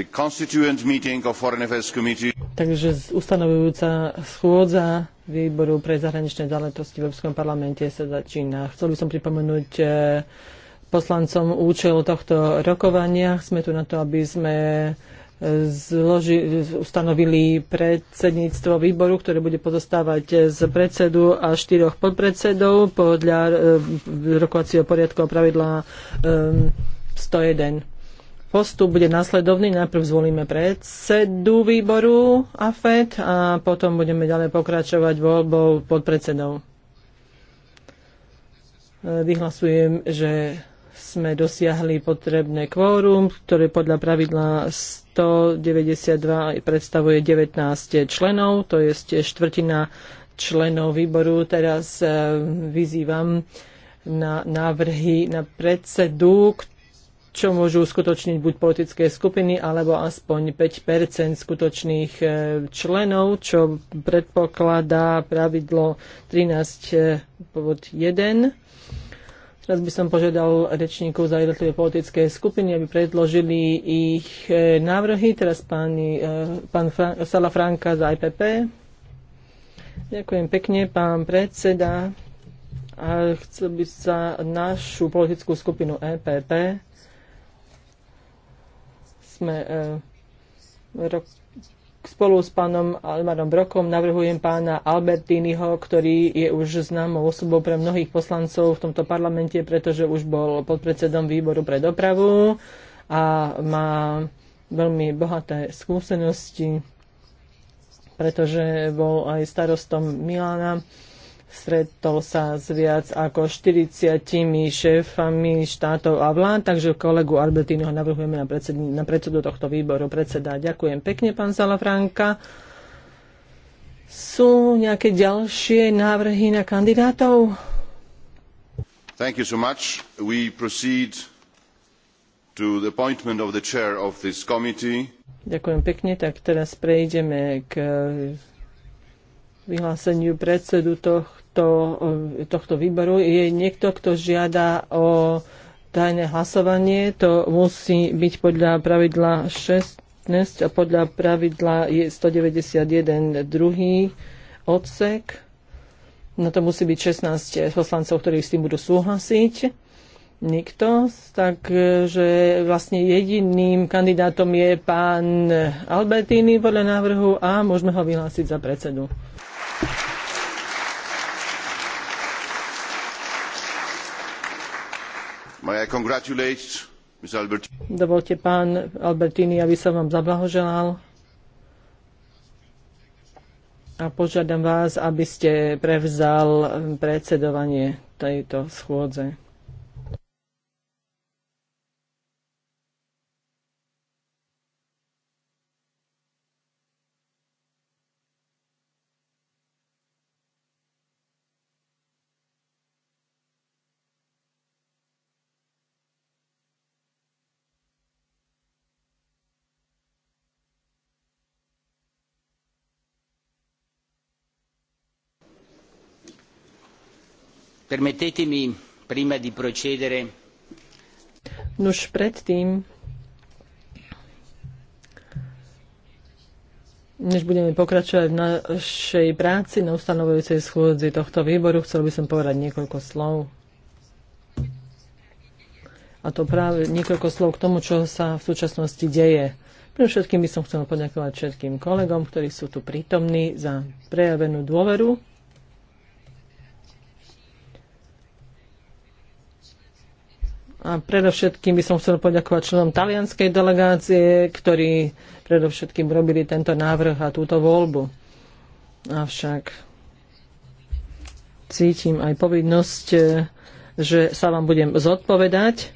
the constituent meeting of Foreign Affairs Committee. Takže ustanovujúca schôdza výboru pre zahraničné záležitosti v Európskom parlamente sa začína. Chcel by som pripomenúť e, poslancom účel tohto rokovania. Sme tu na to, aby sme e, zloži, ustanovili predsedníctvo výboru, ktoré bude pozostávať e, z predsedu a štyroch podpredsedov podľa rokovacieho poriadku a pravidla 101. Postup bude nasledovný. Najprv zvolíme predsedu výboru AFED a potom budeme ďalej pokračovať voľbou podpredsedov. E, vyhlasujem, že sme dosiahli potrebné kvórum, ktoré podľa pravidla 192 predstavuje 19 členov, to je štvrtina členov výboru. Teraz e, vyzývam na návrhy na predsedu, čo môžu uskutočniť buď politické skupiny, alebo aspoň 5 skutočných e, členov, čo predpokladá pravidlo 13 e, pod 1. Teraz by som požiadal rečníkov za jednotlivé politické skupiny, aby predložili ich e, návrhy. Teraz páni, pán Sala Franka za IPP. Ďakujem pekne, pán predseda. A chcel by sa našu politickú skupinu EPP sme e, rok, spolu s pánom Almarom Brokom navrhujem pána Albertiniho, ktorý je už známou osobou pre mnohých poslancov v tomto parlamente, pretože už bol podpredsedom výboru pre dopravu a má veľmi bohaté skúsenosti, pretože bol aj starostom Milána stretol sa s viac ako 40 šéfami štátov a vlád, takže kolegu Albertínyho navrhujeme na, predsed, na predsedu tohto výboru predseda. Ďakujem pekne, pán Salafranka. Sú nejaké ďalšie návrhy na kandidátov? Thank you so much. We proceed to the appointment of the chair of this committee. Ďakujem pekne, tak teraz prejdeme k vyhláseniu predsedu tohto, e, tohto výboru. Je niekto, kto žiada o tajné hlasovanie. To musí byť podľa pravidla 16 a podľa pravidla je 191 druhý odsek. Na no to musí byť 16 poslancov, ktorí s tým budú súhlasiť. Nikto. Takže vlastne jediným kandidátom je pán Albertini podľa návrhu a môžeme ho vyhlásiť za predsedu. Dovolte pán Albertini, aby som vám zablahoželal a požiadam vás, aby ste prevzal predsedovanie tejto schôdze. Permettetemi prima di procedere. Nuž predtým, Než budeme pokračovať v našej práci na ustanovujúcej schôdzi tohto výboru, chcel by som povedať niekoľko slov. A to práve niekoľko slov k tomu, čo sa v súčasnosti deje. Pre všetkým by som chcel poďakovať všetkým kolegom, ktorí sú tu prítomní za prejavenú dôveru A predovšetkým by som chcel poďakovať členom talianskej delegácie, ktorí predovšetkým robili tento návrh a túto voľbu. Avšak cítim aj povinnosť, e, že sa vám budem zodpovedať.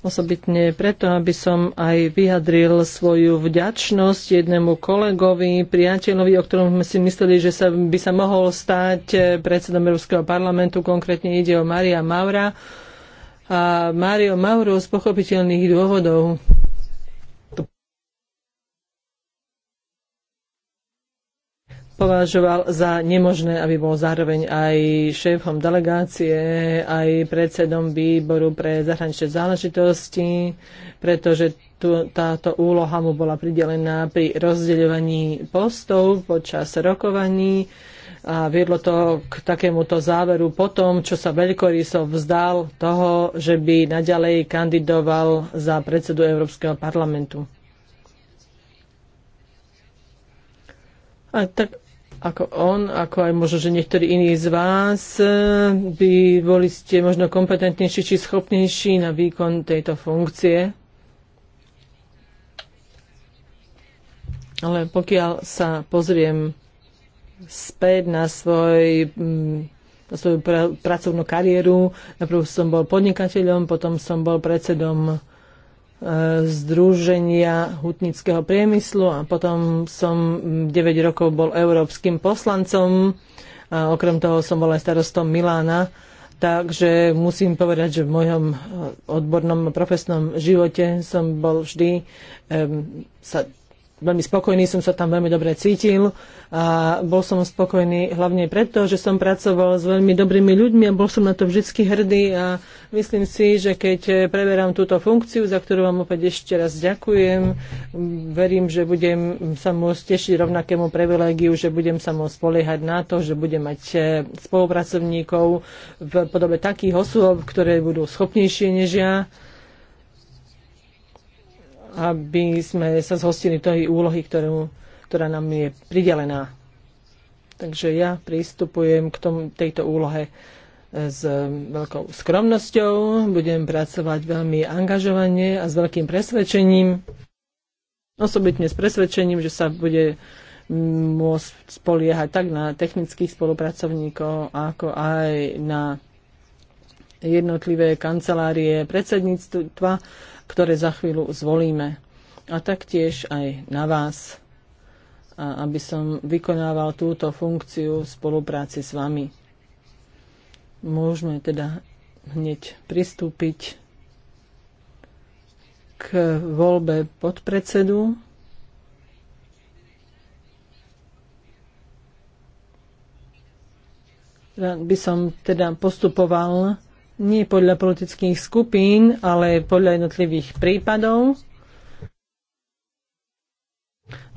Osobitne preto, aby som aj vyjadril svoju vďačnosť jednému kolegovi, priateľovi, o ktorom sme si mysleli, že sa, by sa mohol stať e, predsedom Európskeho parlamentu. Konkrétne ide o Maria Maura, a Mário Mauro z pochopiteľných dôvodov. považoval za nemožné, aby bol zároveň aj šéfom delegácie, aj predsedom výboru pre zahraničné záležitosti, pretože tu, táto úloha mu bola pridelená pri rozdeľovaní postov počas rokovaní a viedlo to k takémuto záveru po tom, čo sa Veľkoryso vzdal toho, že by naďalej kandidoval za predsedu Európskeho parlamentu. A tak ako on, ako aj možno, že niektorí iní z vás e, by boli ste možno kompetentnejší či schopnejší na výkon tejto funkcie. Ale pokiaľ sa pozriem späť na svoj mm, na svoju pr- pracovnú kariéru. Najprv som bol podnikateľom, potom som bol predsedom e, Združenia hutnického priemyslu a potom som 9 mm, rokov bol európskym poslancom. A okrem toho som bol aj starostom Milána. Takže musím povedať, že v mojom e, odbornom a profesnom živote som bol vždy, sa veľmi spokojný, som sa tam veľmi dobre cítil a bol som spokojný hlavne preto, že som pracoval s veľmi dobrými ľuďmi a bol som na to vždy hrdý a myslím si, že keď preberám túto funkciu, za ktorú vám opäť ešte raz ďakujem, verím, že budem sa môcť tešiť rovnakému privilégiu, že budem sa môcť spoliehať na to, že budem mať eh, spolupracovníkov v podobe takých osôb, ktoré budú schopnejšie než ja aby sme sa zhostili tej úlohy, ktorú, ktorá nám je pridelená. Takže ja pristupujem k tom, tejto úlohe eh, s veľkou skromnosťou, budem pracovať veľmi angažovane a s veľkým presvedčením, osobitne s presvedčením, že sa bude môcť spoliehať tak na technických spolupracovníkov, ako aj na jednotlivé kancelárie predsedníctva, ktoré za chvíľu zvolíme. A taktiež aj na vás, aby som vykonával túto funkciu v spolupráci s vami. Môžeme teda hneď pristúpiť k voľbe podpredsedu. Rád by som teda postupoval nie podľa politických skupín, ale podľa jednotlivých prípadov.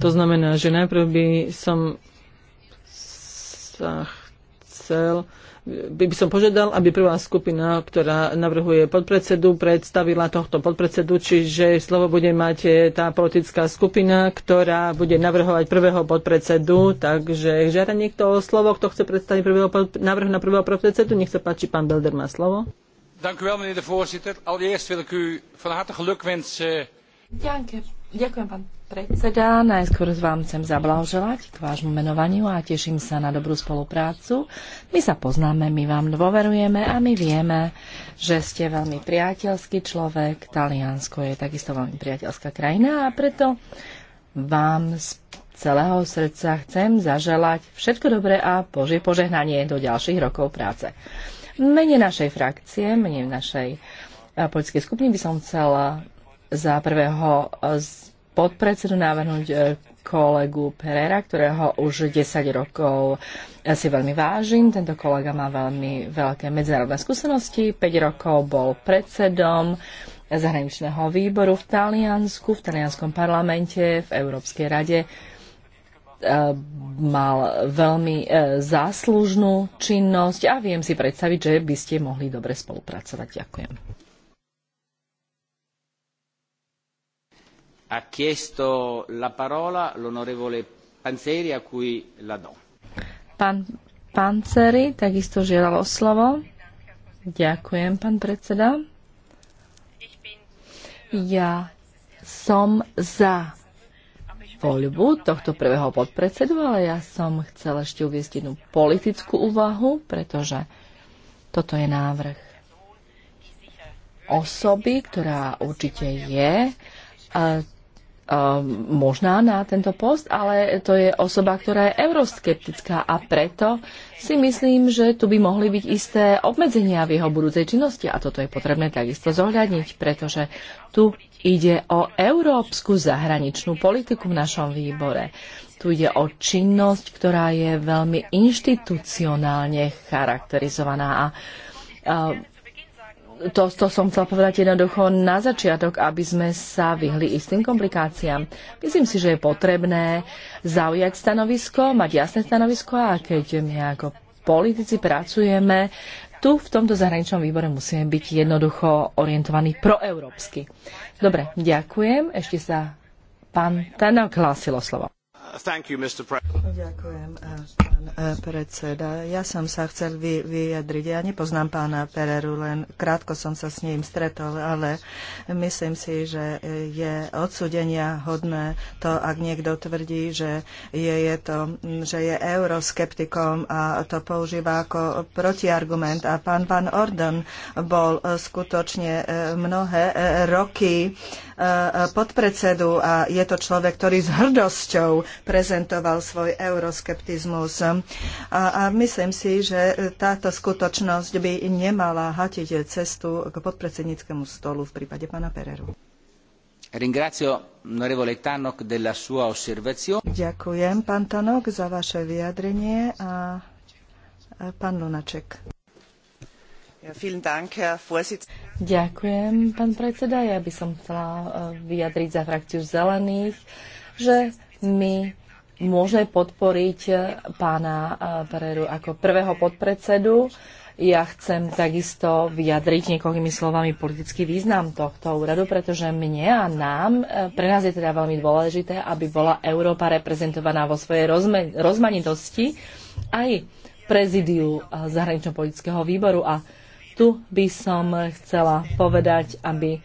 To znamená, že najprv by som sa chcel by, by som požiadal, aby prvá skupina, ktorá navrhuje podpredsedu, predstavila tohto podpredsedu, čiže slovo bude mať eh, tá politická skupina, ktorá bude navrhovať prvého podpredsedu. Takže žiada niekto o slovo, kto chce predstaviť prvého, návrh na prvého podpredsedu. Nech sa páči, pán Belder má slovo. Allereerst wil ik u van harte geluk wensen. Ďakujem, pán predseda. Najskôr vám chcem zablahoželať k vášmu menovaniu a teším sa na dobrú spoluprácu. My sa poznáme, my vám dôverujeme a my vieme, že ste veľmi priateľský človek. Taliansko je takisto veľmi priateľská krajina a preto vám z celého srdca chcem zaželať všetko dobré a Božie požehnanie do ďalších rokov práce. Mene našej frakcie, mene našej eh, poľskej skupiny by som chcela za prvého z podpredsedu navrhnúť e, kolegu Perera, ktorého už 10 rokov ja si veľmi vážim. Tento kolega má veľmi veľké medzinárodné skúsenosti. 5 rokov bol predsedom zahraničného výboru v Taliansku, v talianskom parlamente, v Európskej rade. E, mal veľmi e, záslužnú činnosť a viem si predstaviť, že by ste mohli dobre spolupracovať. Ďakujem. ha chiesto la parola l'onorevole Panzeri, a cui la do. Pán takisto slovo. Ďakujem, pán predseda. Ja som za voľbu tohto prvého podpredsedu, ale ja som chcela ešte uviezť jednu politickú úvahu, pretože toto je návrh osoby, ktorá určite je Ehm, možná na tento post, ale to je osoba, ktorá je euroskeptická a preto si myslím, že tu by mohli byť isté obmedzenia v jeho budúcej činnosti a toto je potrebné takisto zohľadniť, pretože tu ide o európsku zahraničnú politiku v našom výbore. Tu ide o činnosť, ktorá je veľmi inštitucionálne charakterizovaná a ehm, to, to som chcela povedať jednoducho na začiatok, aby sme sa vyhli istým komplikáciám. Myslím si, že je potrebné zaujať stanovisko, mať jasné stanovisko a keď my ako politici pracujeme, tu v tomto zahraničnom výbore musíme byť jednoducho orientovaní proeurópsky. Dobre, ďakujem. Ešte sa pán Tanok hlásilo slovo. Ďakujem, eh, pán eh, predseda. Ja som sa chcel vyjadriť. Ja nepoznám pána Pereru, len krátko som sa s ním stretol, ale myslím si, že je odsudenia hodné to, ak niekto tvrdí, že je, je to, že je euroskeptikom a to používa ako protiargument. A pán Van Orden bol eh, skutočne mnohé roky podpredsedu a je to človek, ktorý s hrdosťou prezentoval svoj euroskeptizmus. A, a myslím si, že táto skutočnosť by nemala hatiť cestu k podpredsedníckému stolu v prípade pána Pereru. Ďakujem, pán Tanok, za vaše vyjadrenie a pán Lunaček. Ďakujem, pán predseda. Ja by som chcela e, vyjadriť za frakciu zelených že my môžeme podporiť eh, pána eh, Pereru ako prvého podpredsedu. Ja chcem takisto vyjadriť niekoľkými slovami politický význam tohto úradu, pretože mne a nám, eh, pre nás je teda veľmi dôležité, aby bola Európa reprezentovaná vo svojej rozme, rozmanitosti aj prezidiu zahranično-politického výboru. A tu by som chcela povedať, aby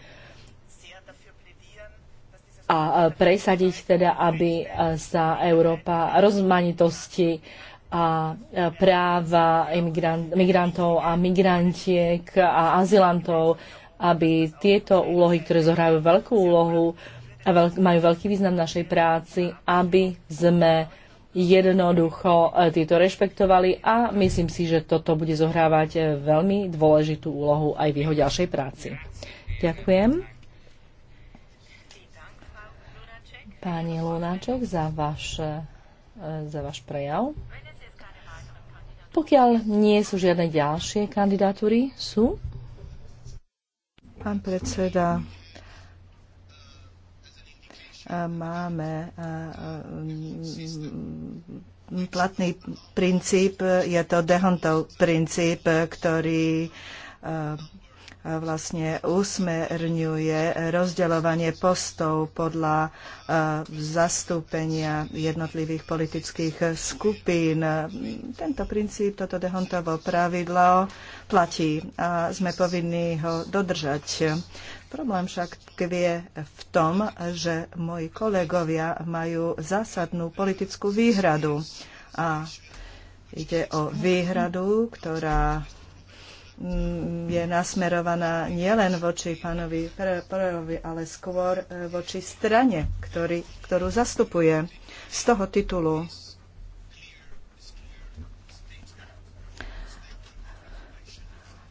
a presadiť teda, aby e, sa Európa rozmanitosti a e, práva imigrant, migrantov a migrantiek a azylantov, aby tieto úlohy, ktoré zohrajú veľkú úlohu a veľk, majú veľký význam v našej práci, aby sme jednoducho e, tieto rešpektovali a myslím si, že toto bude zohrávať veľmi dôležitú úlohu aj v jeho ďalšej práci. Ďakujem. pani Lunáčok za, váš, eh, za váš prejav. Pokiaľ nie sú žiadne ďalšie kandidatúry, sú? Pán predseda, eh, máme eh, platný princíp, je to Dehontov princíp, ktorý vlastne usmerňuje rozdeľovanie postov podľa e, zastúpenia jednotlivých politických skupín. Tento princíp, toto dehontovo pravidlo platí a sme povinní ho dodržať. Problém však kvie v tom, že moji kolegovia majú zásadnú politickú výhradu a Ide o výhradu, ktorá Mm, je nasmerovaná nielen voči pánovi Pererovi, ale skôr e, voči strane, ktorý, ktorú zastupuje. Z toho titulu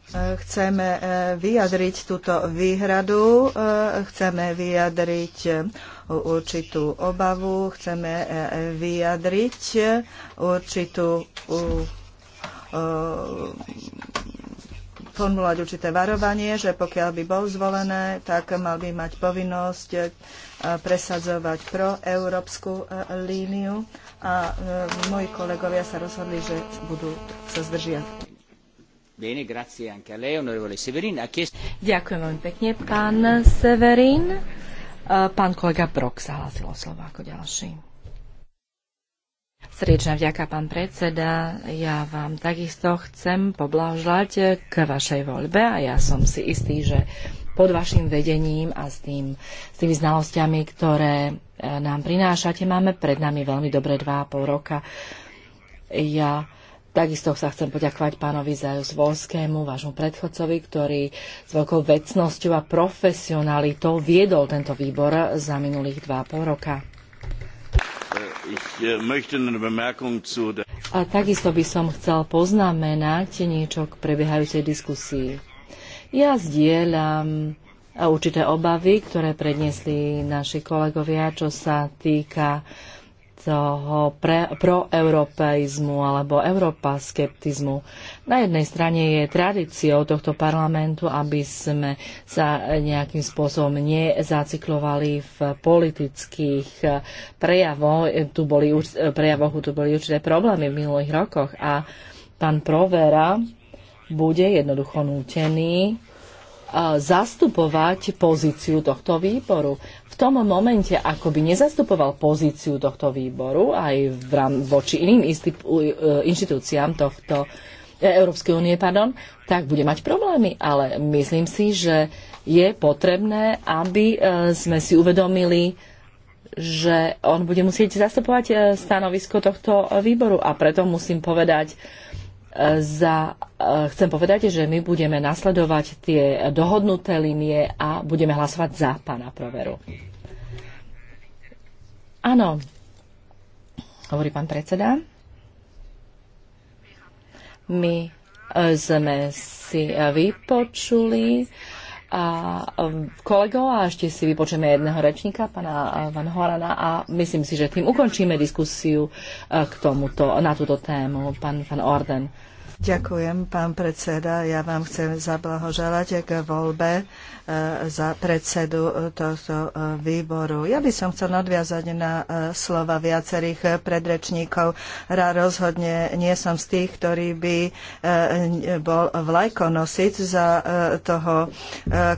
e, chceme e, vyjadriť túto výhradu, chceme vyjadriť určitú obavu, chceme vyjadriť určitú formulovať určité varovanie, že pokiaľ by bol zvolené, tak mal by mať povinnosť e, presadzovať proeurópsku e, líniu a e, moji kolegovia sa rozhodli, že budú sa zdržiať. Ďakujem veľmi pekne, pán Severin. Pán kolega Brok sa hlásil o slovo ako ďalší. Srdečná vďaka, pán predseda. Ja vám takisto chcem poblážať k vašej voľbe a ja som si istý, že pod vašim vedením a s, tým, s tými znalosťami, ktoré e, nám prinášate, máme pred nami veľmi dobré dva a pol roka. Ja Takisto sa chcem poďakovať pánovi Zajus Volskému, vášmu predchodcovi, ktorý s veľkou vecnosťou a profesionalitou viedol tento výbor za minulých dva a pol roka. Äh, A takisto by som chcel poznamenať niečo k prebiehajúcej diskusii. Ja zdieľam e, určité obavy, ktoré predniesli naši kolegovia, čo sa týka uh, toho pre, proeuropeizmu alebo europaskeptizmu. Na jednej strane je tradíciou tohto parlamentu, aby sme sa nejakým spôsobom nezacyklovali v politických prejavoch. Tu boli, prejavoch, tu boli určité problémy v minulých rokoch a pán Provera bude jednoducho nútený zastupovať pozíciu tohto výboru. V tom momente, ako by nezastupoval pozíciu tohto výboru aj v rám, voči iným e, inštitúciám tohto e, Európskej únie, pardon, tak bude mať problémy. Ale myslím si, že je potrebné, aby e, sme si uvedomili, že on bude musieť zastupovať stanovisko tohto výboru. A preto musím povedať, za, eh, chcem povedať, že my budeme nasledovať tie dohodnuté linie a budeme hlasovať za pána Proveru. Áno, hovorí pán predseda. My eh, sme si eh, vypočuli uh, a um, kolegov a ešte si vypočujeme jedného rečníka, pana uh, Van Horana a myslím si, že tým ukončíme diskusiu uh, k tomuto, na túto tému, pán Van Orden. Ďakujem, pán predseda. Ja vám chcem zablahoželať k voľbe e, za predsedu e, tohto e, výboru. Ja by som chcel nadviazať na slova viacerých predrečníkov. Rá rozhodne nie som z tých, ktorý by bol vlajkonosiť za toho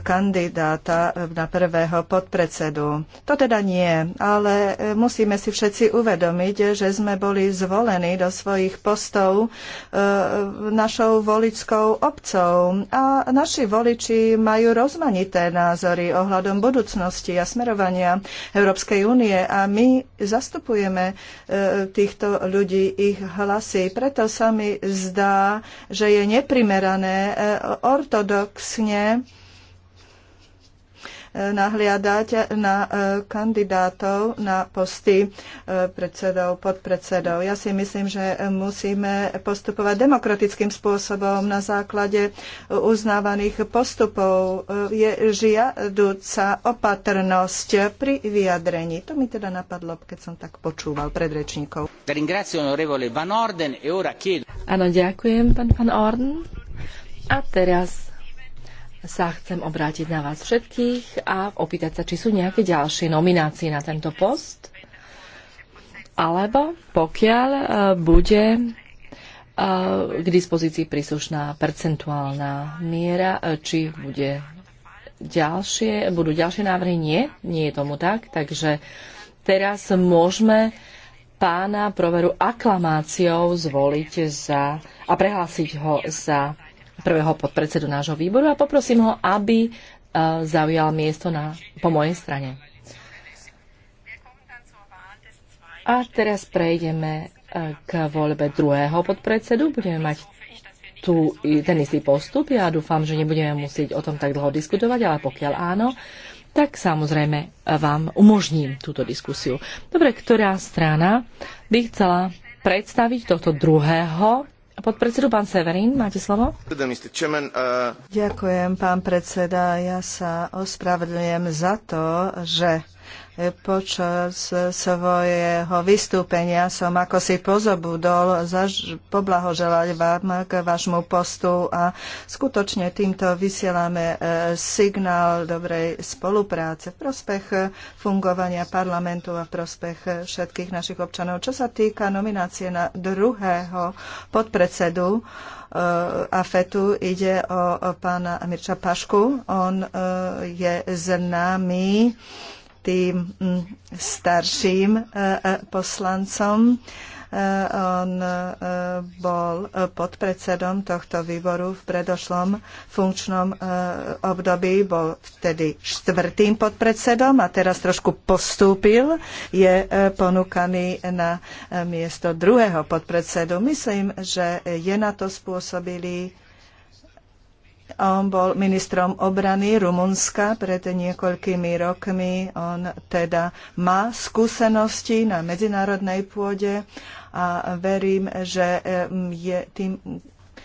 kandidáta na prvého podpredsedu. To teda nie, ale musíme si všetci uvedomiť, že sme boli zvolení do svojich postov našou voličskou obcou a naši voliči majú rozmanité názory ohľadom budúcnosti a smerovania Európskej únie a my zastupujeme e, týchto ľudí, ich hlasy. Preto sa mi zdá, že je neprimerané e, ortodoxne nahliadať na e, kandidátov na posty e, predsedov, podpredsedov. Ja si myslím, že musíme postupovať demokratickým spôsobom na základe uznávaných postupov. E, je žiaduca opatrnosť pri vyjadrení. To mi teda napadlo, keď som tak počúval predrečníkov. Áno, ďakujem, pán Van Orden. A teraz sa chcem obrátiť na vás všetkých a opýtať sa, či sú nejaké ďalšie nominácie na tento post. Alebo pokiaľ e, bude e, k dispozícii príslušná percentuálna miera, e, či bude ďalšie, budú ďalšie návrhy? Nie, nie je tomu tak. Takže teraz môžeme pána proveru aklamáciou zvoliť za, a prehlásiť ho za prvého podpredsedu nášho výboru a poprosím ho, aby e, zaujal miesto na, po mojej strane. A teraz prejdeme e, k voľbe druhého podpredsedu. Budeme mať tu ten istý postup. Ja dúfam, že nebudeme musieť o tom tak dlho diskutovať, ale pokiaľ áno, tak samozrejme e, vám umožním túto diskusiu. Dobre, ktorá strana by chcela predstaviť tohto druhého podpredsedu, pán Severín, máte slovo. Ďakujem, pán predseda. Ja sa ospravedlňujem za to, že Počas svojho vystúpenia som ako si pozobudol zaž- poblahoželať vám k vašmu postu a skutočne týmto vysielame e, signál dobrej spolupráce v prospech fungovania parlamentu a v prospech všetkých našich občanov. Čo sa týka nominácie na druhého podpredsedu, e, AFETu ide o pána Mirča Pašku. On e, je známy tým mm, starším e, e, poslancom. E, on bol podpredsedom tohto výboru v predošlom funkčnom období, bol vtedy štvrtým podpredsedom a teraz trošku postúpil. Je ponúkaný na miesto druhého podpredsedu. Myslím, že je na to spôsobilý on bol ministrom obrany Rumunska pred niekoľkými rokmi. On teda má skúsenosti na medzinárodnej pôde a verím, že je tým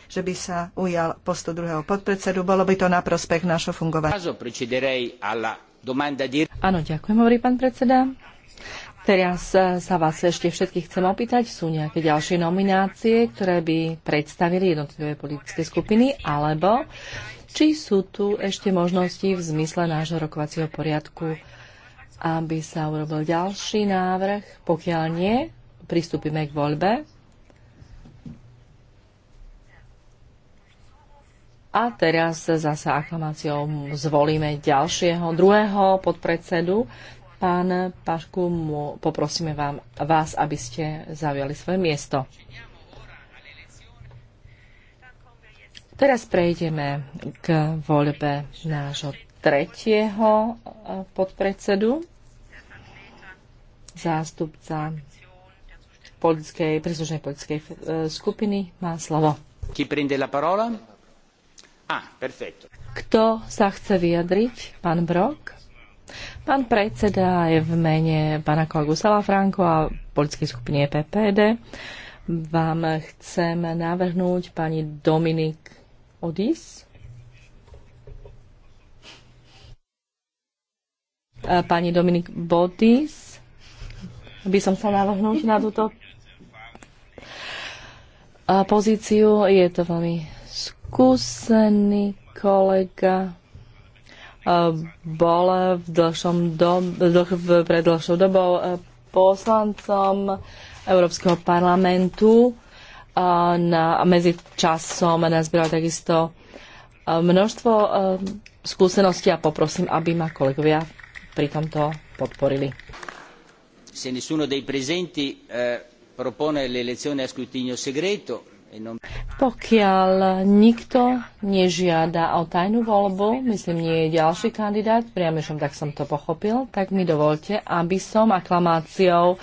že by sa ujal postu druhého podpredsedu. Bolo by to na prospech našho fungovania. Áno, ďakujem, hovorí pán predseda. Teraz e, sa vás ešte všetkých chcem opýtať, sú nejaké ďalšie nominácie, ktoré by predstavili jednotlivé politické skupiny, alebo či sú tu ešte možnosti v zmysle nášho rokovacieho poriadku, aby sa urobil ďalší návrh. Pokiaľ nie, pristúpime k voľbe. A teraz zase aklamáciou zvolíme ďalšieho, druhého podpredsedu Pán Pašku, poprosíme vám, vás, aby ste zaujali svoje miesto. Teraz prejdeme k voľbe nášho tretieho e, podpredsedu, zástupca politickej, príslušnej politickej e, skupiny má slovo. Ah, Kto sa chce vyjadriť? Pán Brok? Pán predseda je v mene pána kolegu Salafranko a politickej skupiny e PPD. Vám chcem navrhnúť pani Dominik Odis. E, pani Dominik Bodis. By som sa navrhnúť na túto pozíciu. Je to veľmi skúsený kolega Eh, bol v dlhšom dob, pred dlhšou dobou eh, poslancom Európskeho parlamentu eh, na, medzi časom nazbieral takisto množstvo skúseností a poprosím, aby ma kolegovia pri tomto podporili. Se nessuno dei presenti eh, propone l'elezione a scrutinio segreto, pokiaľ nikto nežiada o tajnú voľbu, myslím, nie je ďalší kandidát, priamešom tak som to pochopil, tak mi dovolte, aby som aklamáciou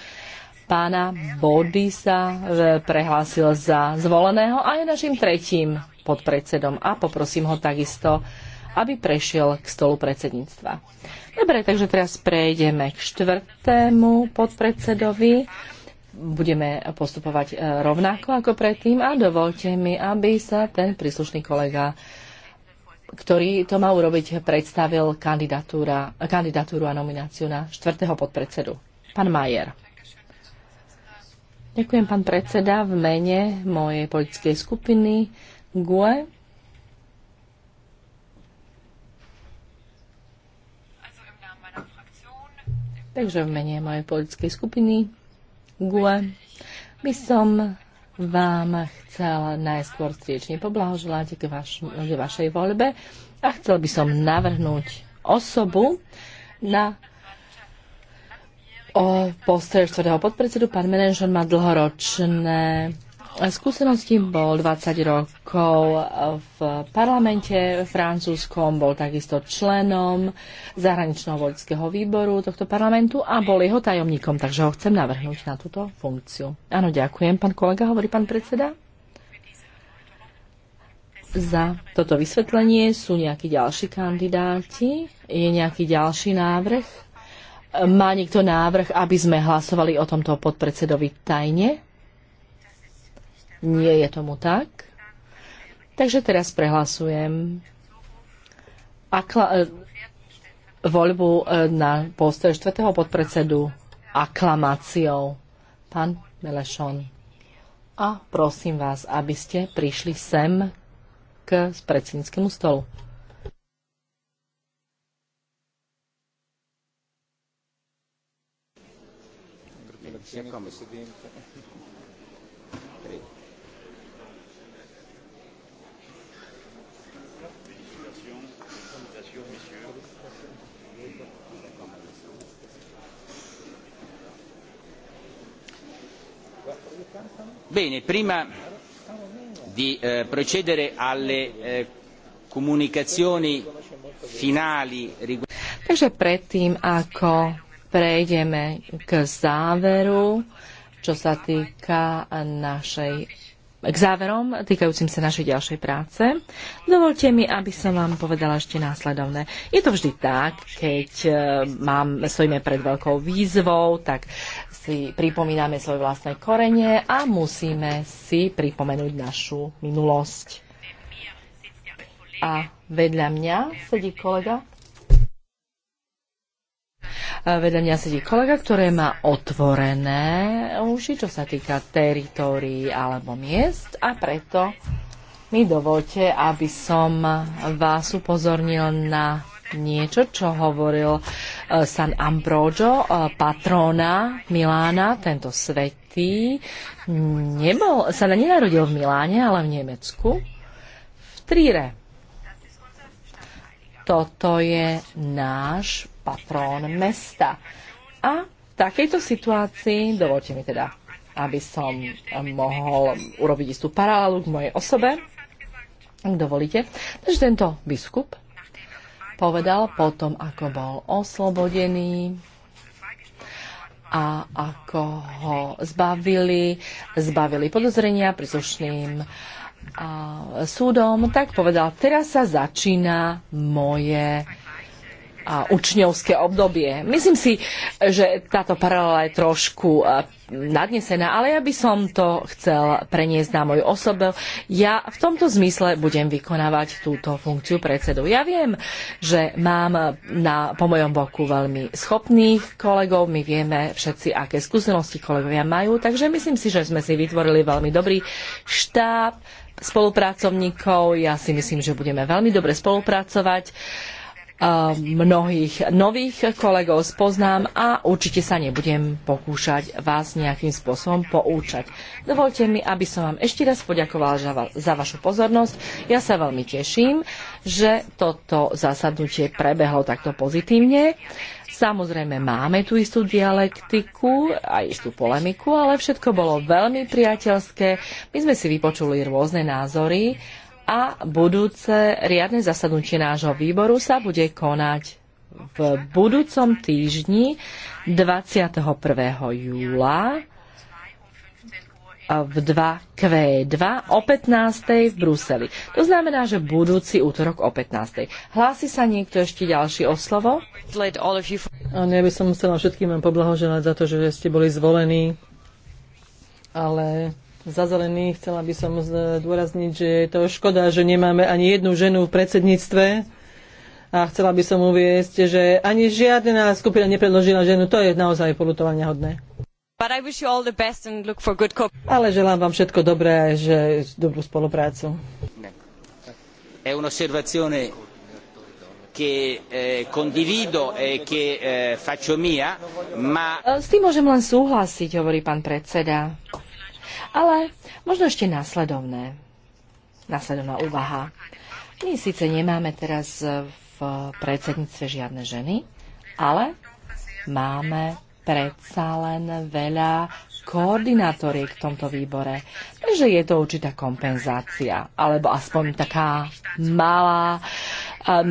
pána Bodisa e, prehlásil za zvoleného a je našim tretím podpredsedom a poprosím ho takisto, aby prešiel k stolu predsedníctva. Dobre, takže teraz prejdeme k štvrtému podpredsedovi budeme postupovať e, rovnako ako predtým a dovolte mi, aby sa ten príslušný kolega, ktorý to má urobiť, predstavil kandidatúru a nomináciu na štvrtého podpredsedu. Pán Majer. Ďakujem, pán predseda, v mene mojej politickej skupiny GUE. Takže v mene mojej politickej skupiny GUE by som vám chcela najskôr striečne poblahoželať k, vaš, k vašej voľbe a chcel by som navrhnúť osobu na o post čtvrtého podpredsedu. Pán Menenžon má dlhoročné skúsenosti bol 20 rokov v parlamente francúzskom, bol takisto členom zahraničného voľského výboru tohto parlamentu a bol jeho tajomníkom, takže ho chcem navrhnúť na túto funkciu. Áno, ďakujem, pán kolega, hovorí pán predseda. Za toto vysvetlenie sú nejakí ďalší kandidáti? Je nejaký ďalší návrh? Má niekto návrh, aby sme hlasovali o tomto podpredsedovi tajne? Nie je tomu tak. Takže teraz prehlasujem akla- e, voľbu e, na poste štvrtého podpredsedu aklamáciou. Pán Melešon. A prosím vás, aby ste prišli sem k predsedníckému stolu. Grazie, prima di eh, procedere alle eh, comunicazioni finali Takže predtým, ako prejdeme k záveru, čo sa týka našej k záverom týkajúcim sa našej ďalšej práce. Dovolte mi, aby som vám povedala ešte následovné. Je to vždy tak, keď e, mám, stojíme pred veľkou výzvou, tak si pripomíname svoje vlastné korenie a musíme si pripomenúť našu minulosť. A vedľa mňa sedí kolega, Vedľa mňa sedí kolega, ktorý má otvorené uši, čo sa týka teritórií alebo miest a preto mi dovolte, aby som vás upozornil na niečo, čo hovoril e, San Ambrogio, e, patrona Milána, tento svetý. Nebol, sa nenarodil v Miláne, ale v Nemecku, v Tríre. Toto je náš patrón mesta. A v takejto situácii, dovolte mi teda, aby som mohol urobiť istú paralelu k mojej osobe, ak dovolíte. Takže tento biskup povedal potom, ako bol oslobodený a ako ho zbavili, zbavili podozrenia príslušným uh, súdom, tak povedal, teraz sa začína moje a učňovské obdobie. Myslím si, že táto paralela je trošku e, nadnesená, ale ja by som to chcel preniesť na moju osobu. Ja v tomto zmysle budem vykonávať túto funkciu predsedu. Ja viem, že mám na, po mojom boku veľmi schopných kolegov, my vieme všetci, aké skúsenosti kolegovia majú, takže myslím si, že sme si vytvorili veľmi dobrý štáb, spolupracovníkov. Ja si myslím, že budeme veľmi dobre spolupracovať mnohých nových kolegov spoznám a určite sa nebudem pokúšať vás nejakým spôsobom poučať. Dovolte mi, aby som vám ešte raz poďakovala za, za vašu pozornosť. Ja sa veľmi teším, že toto zasadnutie prebehlo takto pozitívne. Samozrejme, máme tu istú dialektiku a istú polemiku, ale všetko bolo veľmi priateľské. My sme si vypočuli rôzne názory a budúce riadne zasadnutie nášho výboru sa bude konať v budúcom týždni 21. júla v 2Q2 o 15. v Bruseli. To znamená, že budúci útorok o 15. Hlási sa niekto ešte ďalší o slovo? Áno, ja by som musela všetkým vám poblahoželať za to, že ste boli zvolení, ale za zelený chcela by som zdôrazniť, že je to škoda, že nemáme ani jednu ženu v predsedníctve. A chcela by som uviesť, že ani žiadna skupina nepredložila ženu. To je naozaj polutovania hodné. Ale želám vám všetko dobré a že dobrú spoluprácu. È un'osservazione che eh, condivido e che eh, faccio mia, ma... S tým môžem len súhlasiť, hovorí pán predseda ale možno ešte následovné. Následovná úvaha. My síce nemáme teraz v predsedníctve žiadne ženy, ale máme predsa len veľa koordinátoriek v tomto výbore. Takže je to určitá kompenzácia, alebo aspoň taká malá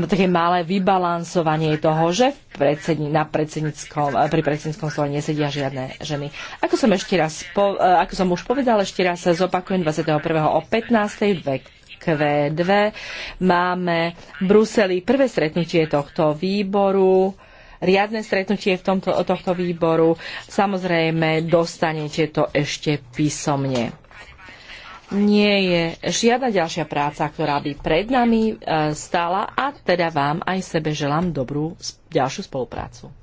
také malé vybalansovanie toho, že predsedni, na predsedníckom, pri predsedníckom stole nesedia žiadne ženy. Ako som, ešte raz, po, ako som už povedala, ešte raz sa zopakujem 21. o 15. vek Q2 máme v Bruseli prvé stretnutie tohto výboru riadne stretnutie v tomto, tohto výboru. Samozrejme, dostanete to ešte písomne nie je žiadna ďalšia práca, ktorá by pred nami e, stála a teda vám aj sebe želám dobrú ďalšiu spoluprácu.